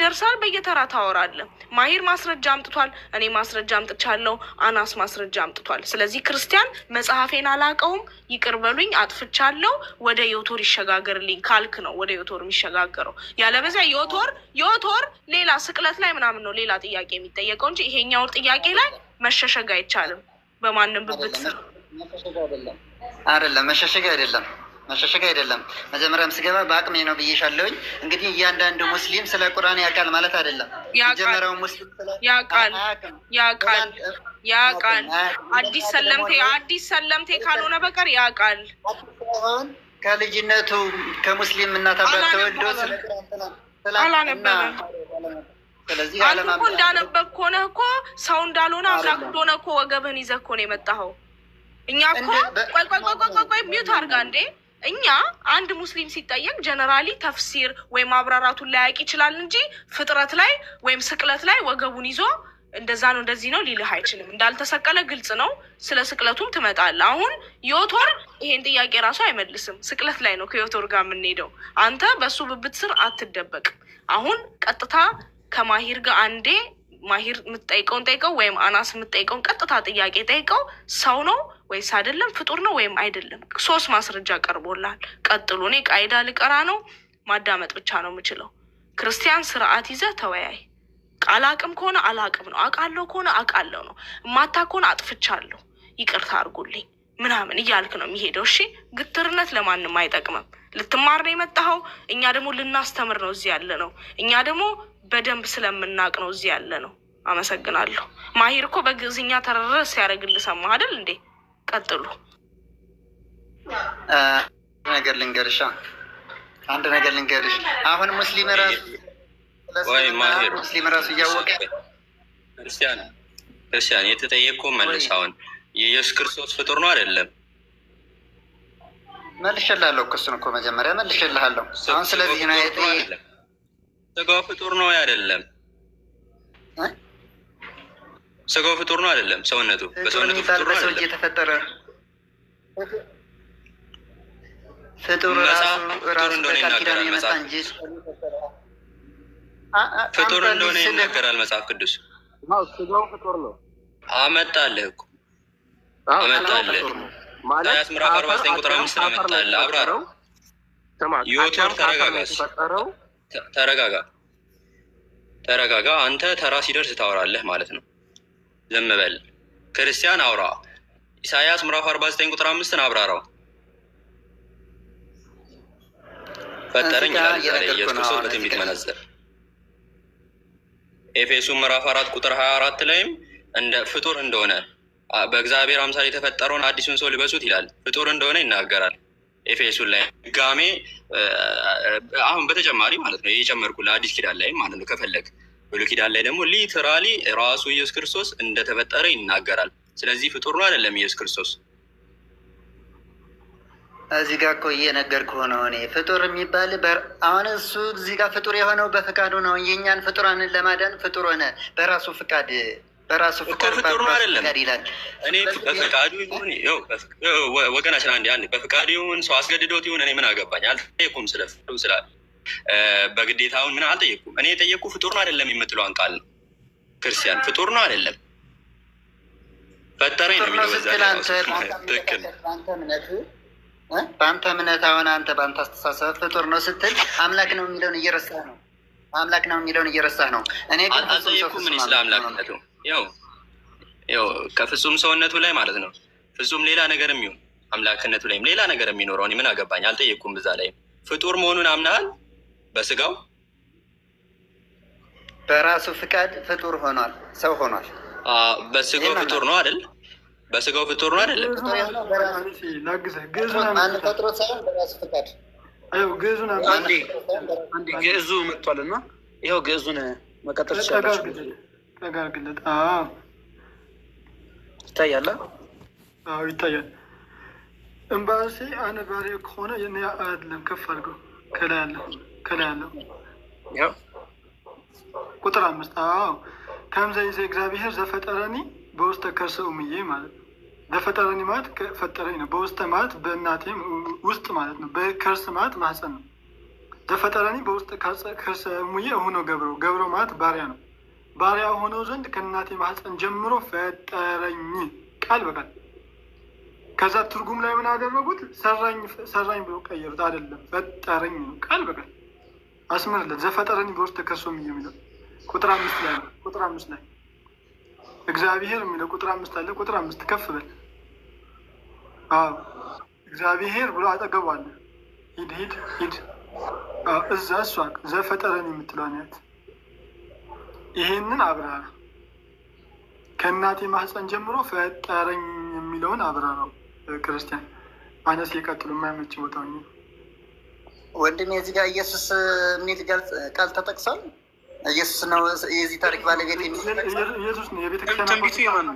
ይደርሳል። በየተራ ታወራለ። ማሂር ማስረጃ አምጥቷል፣ እኔ ማስረጃ አምጥቻለሁ፣ አናስ ማስረጃ አምጥቷል። ስለዚህ ክርስቲያን መጽሐፌን አላቀውም፣ ይቅርበሉኝ፣ አጥፍቻለሁ፣ ወደ ዮቶር ይሸጋገርልኝ ካልክ ነው ወደ ዮቶር የሚሸጋገረው። ያለበዚያ ዮቶር ዮቶር ሌላ ስቅለት ላይ ምናምን ነው ሌላ ጥያቄ የሚጠየቀው እንጂ ይሄኛው ጥያቄ ላይ መሸሸግ አይቻልም። በማንም ብብት አይደለም፣ መሸሸግ አይደለም መሸሸግ አይደለም። መጀመሪያም ስገባ በአቅሜ ነው ብዬሻለሁኝ። እንግዲህ እያንዳንዱ ሙስሊም ስለ ቁርአን ያውቃል ማለት አይደለም። መጀመሪያው ሙስሊም ያውቃል ያውቃል ያውቃል። አዲስ ሰለምቴ አዲስ ሰለምቴ ካልሆነ በቀር ያውቃል። ከልጅነቱ ከሙስሊም እናት አባት ተወልዶ አላነበበም። ስለዚህ አለማኮ እንዳነበብ ከሆነ እኮ ሰው እንዳልሆነ አምላክ እንደሆነ እኮ ወገብህን ይዘህ እኮ ነው የመጣኸው። እኛ እኮ ቆይ ቆይ ቆይ ቆይ ሚዩት አድርጋ እንዴ እኛ አንድ ሙስሊም ሲጠየቅ ጀነራሊ ተፍሲር ወይም አብራራቱን ላያቅ ይችላል እንጂ ፍጥረት ላይ ወይም ስቅለት ላይ ወገቡን ይዞ እንደዛ ነው እንደዚህ ነው ሊልህ አይችልም። እንዳልተሰቀለ ግልጽ ነው። ስለ ስቅለቱም ትመጣል። አሁን ዮቶር ይሄን ጥያቄ ራሱ አይመልስም። ስቅለት ላይ ነው ከዮቶር ጋር የምንሄደው። አንተ በእሱ ብብት ስር አትደበቅም። አሁን ቀጥታ ከማሂር ጋር አንዴ ማሂር የምትጠይቀውን ጠይቀው ወይም አናስ የምትጠይቀውን ቀጥታ ጥያቄ ጠይቀው ሰው ነው ወይስ አይደለም፣ ፍጡር ነው ወይም አይደለም። ሶስት ማስረጃ ቀርቦላል። ቀጥሎ እኔ ቃይዳ ልቀራ ነው፣ ማዳመጥ ብቻ ነው የምችለው። ክርስቲያን ስርዓት ይዘ ተወያይ። አላቅም ከሆነ አላቅም ነው፣ አቃለው ከሆነ አቃለው ነው፣ እማታ ከሆነ አጥፍቻለሁ፣ ይቅርታ አድርጉልኝ ምናምን እያልክ ነው የሚሄደው። እሺ ግትርነት ለማንም አይጠቅምም። ልትማር ነው የመጣኸው፣ እኛ ደግሞ ልናስተምር ነው እዚህ ያለ ነው። እኛ ደግሞ በደንብ ስለምናቅ ነው እዚህ ያለ ነው። አመሰግናለሁ። ማሄር እኮ በግዕዝኛ ተረረ ሲያደርግል ሰማህ አይደል እንዴ? ቀጥሉ። ነገር ልንገርሻ፣ አንድ ነገር ልንገርሽ። አሁን ሙስሊም ራሱ ሙስሊም ራሱ እያወቀ ክርስቲያን ክርስቲያን የተጠየቅኩ መልስ አሁን የኢየሱስ ክርስቶስ ፍጡር ነው አይደለም? መልሼልሃለሁ እኮ እሱን እኮ መጀመሪያ መልሼልሃለሁ። አሁን ስለዚህ ነው ስጋው ፍጡር ነው አይደለም? ስጋው ፍጡር ነው አይደለም? ሰውነቱ በሰውነቱ ፍጡር ነው አይደለም? የተፈጠረ ፍጡር ራሱ ራሱ በቃል ኪዳን የመጣ እንጂ ፍጡር እንደሆነ ይናገራል መጽሐፍ ቅዱስ። ስጋው ፍጡር ነው አመጣልህ እኮ እመጣለሁ ማለት አርባ ዘጠኝ ቁጥር አምስት ነው። ዮቶር ተረጋጋ ተረጋጋ። አንተ ተራ ሲደርስ ታወራለህ ማለት ነው። ዝም በል ክርስቲያን አውራ። ኢሳያስ ምዕራፍ አርባ ዘጠኝ ቁጥር አምስትን አብራራው። ፈጠረኝ ይላል ኢየሱስ ክርስቶስ በትንቢት መነጽር። ኤፌሱ ምዕራፍ አራት ቁጥር ሀያ አራት ላይም እንደ ፍጡር እንደሆነ በእግዚአብሔር አምሳል የተፈጠረውን አዲሱን ሰው ልበሱት ይላል። ፍጡር እንደሆነ ይናገራል ኤፌሱን ላይ ድጋሜ አሁን በተጨማሪ ማለት ነው የጨመርኩ ለአዲስ ኪዳን ላይ ማለት ነው ከፈለግ ብሉይ ኪዳን ላይ ደግሞ ሊትራሊ ራሱ ኢየሱስ ክርስቶስ እንደተፈጠረ ይናገራል። ስለዚህ ፍጡር ነው አይደለም ኢየሱስ ክርስቶስ። እዚህ ጋር እኮ እየነገርኩህ ነው እኔ ፍጡር የሚባል አሁን እሱ እዚህ ጋር ፍጡር የሆነው በፍቃዱ ነው። የእኛን ፍጡራንን ለማዳን ፍጡር ሆነ በራሱ ፍቃድ በራሱ ፍቅር ፍቅር ነው አይደለም ይላል። እኔ ወገናችን አንድ ያን በፍቃዱ ይሁን ሰው አስገድዶት ይሁን እኔ ምን አገባኝ? አልጠየኩም ስለ ፍቅሩ ስላለ በግዴታውን ምን አልጠየኩም። እኔ የጠየቅኩ ፍጡር ነው አይደለም የምትለውን ቃል ነው። ክርስቲያን ፍጡር ነው አይደለም ፈጠረኝ ነው የሚለበዛትክል በአንተ እምነት አሁን አንተ በአንተ አስተሳሰብ ፍጡር ነው ስትል አምላክ ነው የሚለውን እየረሳህ ነው። አምላክ ነው የሚለውን እየረሳህ ነው። እኔ ግን ስለ አምላክነቱ ያው ያው ከፍጹም ሰውነቱ ላይ ማለት ነው። ፍጹም ሌላ ነገር የሚሆን አምላክነቱ ላይም ሌላ ነገር የሚኖረው ምን አገባኝ? አልጠየኩም። እዛ ላይ ፍጡር መሆኑን አምናሃል። በስጋው በራሱ ፍቃድ ፍጡር ሆኗል፣ ሰው ሆኗል። በስጋው ፍጡር ነው አይደል? በስጋው ፍጡር ነው አይደለም? ግዕዙ መጥቷልና ይኸው ግዕዙን መቀጠል ይቻላል። ነገር ግለት ይታያል። አዎ ይታያል። እምባሲ አነባሪ ከሆነ የኔ አይደለም። ከፍ አድርገው ከላይ ያለው ከላይ ያለው ቁጥር አምስት አዎ ከምዘ ይእዜ እግዚአብሔር ዘፈጠረኒ በውስተ ከርሰው ምዬ ማለት ነው። ዘፈጠረኒ ማለት ፈጠረኝ ነው። በውስተ ማለት በእናቴም ውስጥ ማለት ነው። በከርስ ማለት ማህፀን ነው። ዘፈጠረኒ በውስተ ከርሰ እሙዬ ሆኖ ገብረው ገብረው ማለት ባሪያ ነው። ባሪያ ሆነው ዘንድ ከእናቴ ማህፀን ጀምሮ ፈጠረኝ፣ ቃል በቃል ከዛ ትርጉም ላይ ምን አደረጉት? ሰራኝ ብሎ ቀየሩት። አይደለም ፈጠረኝ ነው፣ ቃል በቃል አስምርለት። ዘፈጠረኝ ብሎ ተከሶም የሚለው ቁጥር አምስት ላይ ነው። ቁጥር አምስት ላይ እግዚአብሔር የሚለው ቁጥር አምስት አለ። ቁጥር አምስት ከፍ በል እግዚአብሔር ብሎ አጠገቧለ። ሂድ ሂድ ሂድ፣ እዛ እሷ ዘፈጠረን የምትለው ያት ይህንን አብራር ከእናቴ ማህፀን ጀምሮ ፈጠረኝ የሚለውን አብራራው። ክርስቲያን ማነስ የቀጥሉ የማይመች ቦታ ወንድም የዚህ ጋር ኢየሱስ የሚል ቃል ተጠቅሷል። ኢየሱስ ነው የዚህ ታሪክ ባለቤት ኢየሱስ ነው። የቤተክርስቲያን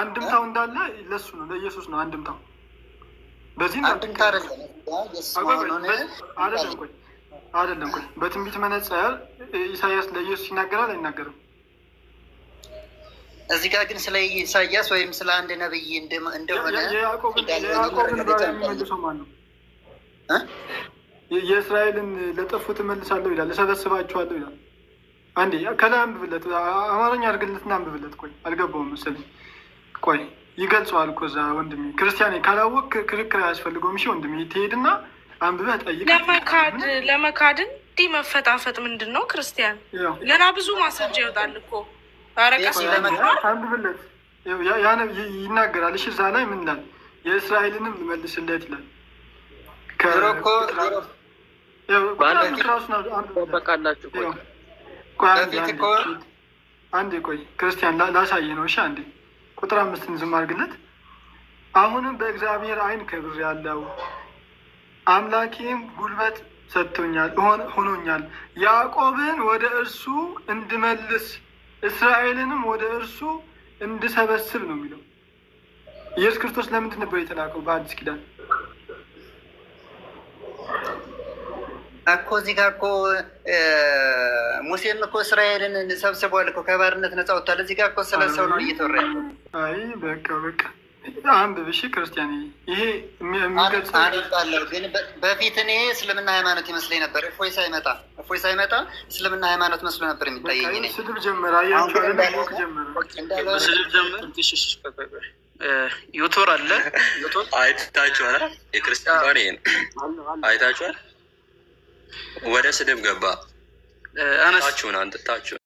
አንድምታው እንዳለ ለሱ ነው ለኢየሱስ ነው አንድምታው በዚህ አንድምታ አለ አይደለም። ቆይ በትንቢት መነጽር ኢሳያስ ለኢየሱስ ይናገራል አይናገርም? እዚህ ጋር ግን ስለ ኢሳያስ ወይም ስለ አንድ ነብይ እንደሆነ የእስራኤልን ለጠፉ ትመልሳለሁ ይላል፣ እሰበስባችኋለሁ ይላል። አንዴ ከላይ አንብብለት፣ አማርኛ አድርግለትና አንብብለት። ቆይ አልገባውም መሰለኝ። ቆይ ይገልጸዋል እኮ እዛ ወንድሜ። ክርስቲያን ካላወቅ ክርክር አያስፈልገውም። እሺ ወንድሜ ትሄድና አንብበ ጠይቅ። ለመካድ ለመካድ እንዲህ መፈጣፈጥ ምንድን ነው? ክርስቲያን ገና ብዙ ማስረጃ ይወጣል እኮ አረቀስ አንብብለት ይናገራል። እሺ እዛ ላይ ምን ይላል? የእስራኤልንም ልመልስለት ይላል። አንዴ ቆይ ክርስቲያን ላሳየ ነው። እሺ አንዴ ቁጥር አምስትን ዝም አድርግለት። አሁንም በእግዚአብሔር አይን ክብር ያለው አምላኬም ጉልበት ሰጥቶኛል ሆኖኛል። ያዕቆብን ወደ እርሱ እንድመልስ እስራኤልንም ወደ እርሱ እንድሰበስብ ነው የሚለው። ኢየሱስ ክርስቶስ ለምንድን ነበር የተላከው? በአዲስ ኪዳን እኮ እዚህ ጋር እኮ ሙሴም እኮ እስራኤልን ሰብስቧል እኮ ከባርነት ነፃ ወጥቷል። እዚህ ጋር እኮ ስለሰው ነው እየተወራ። አይ በቃ በቃ አንብብሽ ክርስቲያን ይሄ አነባለሁ ግን በፊት እኔ እስልምና ሃይማኖት ይመስለኝ ነበር። እፎይ ሳይመጣ እፎይ ሳይመጣ እስልምና ሃይማኖት መስሎ ነበር የሚታየኝ። ስድብ ጀመረ ዩቱር አለ አይታችኋል? የክርስቲያን ይሄን አይታችኋል? ወደ ስድብ ገባ። አነሳችሁን አንጥታችሁ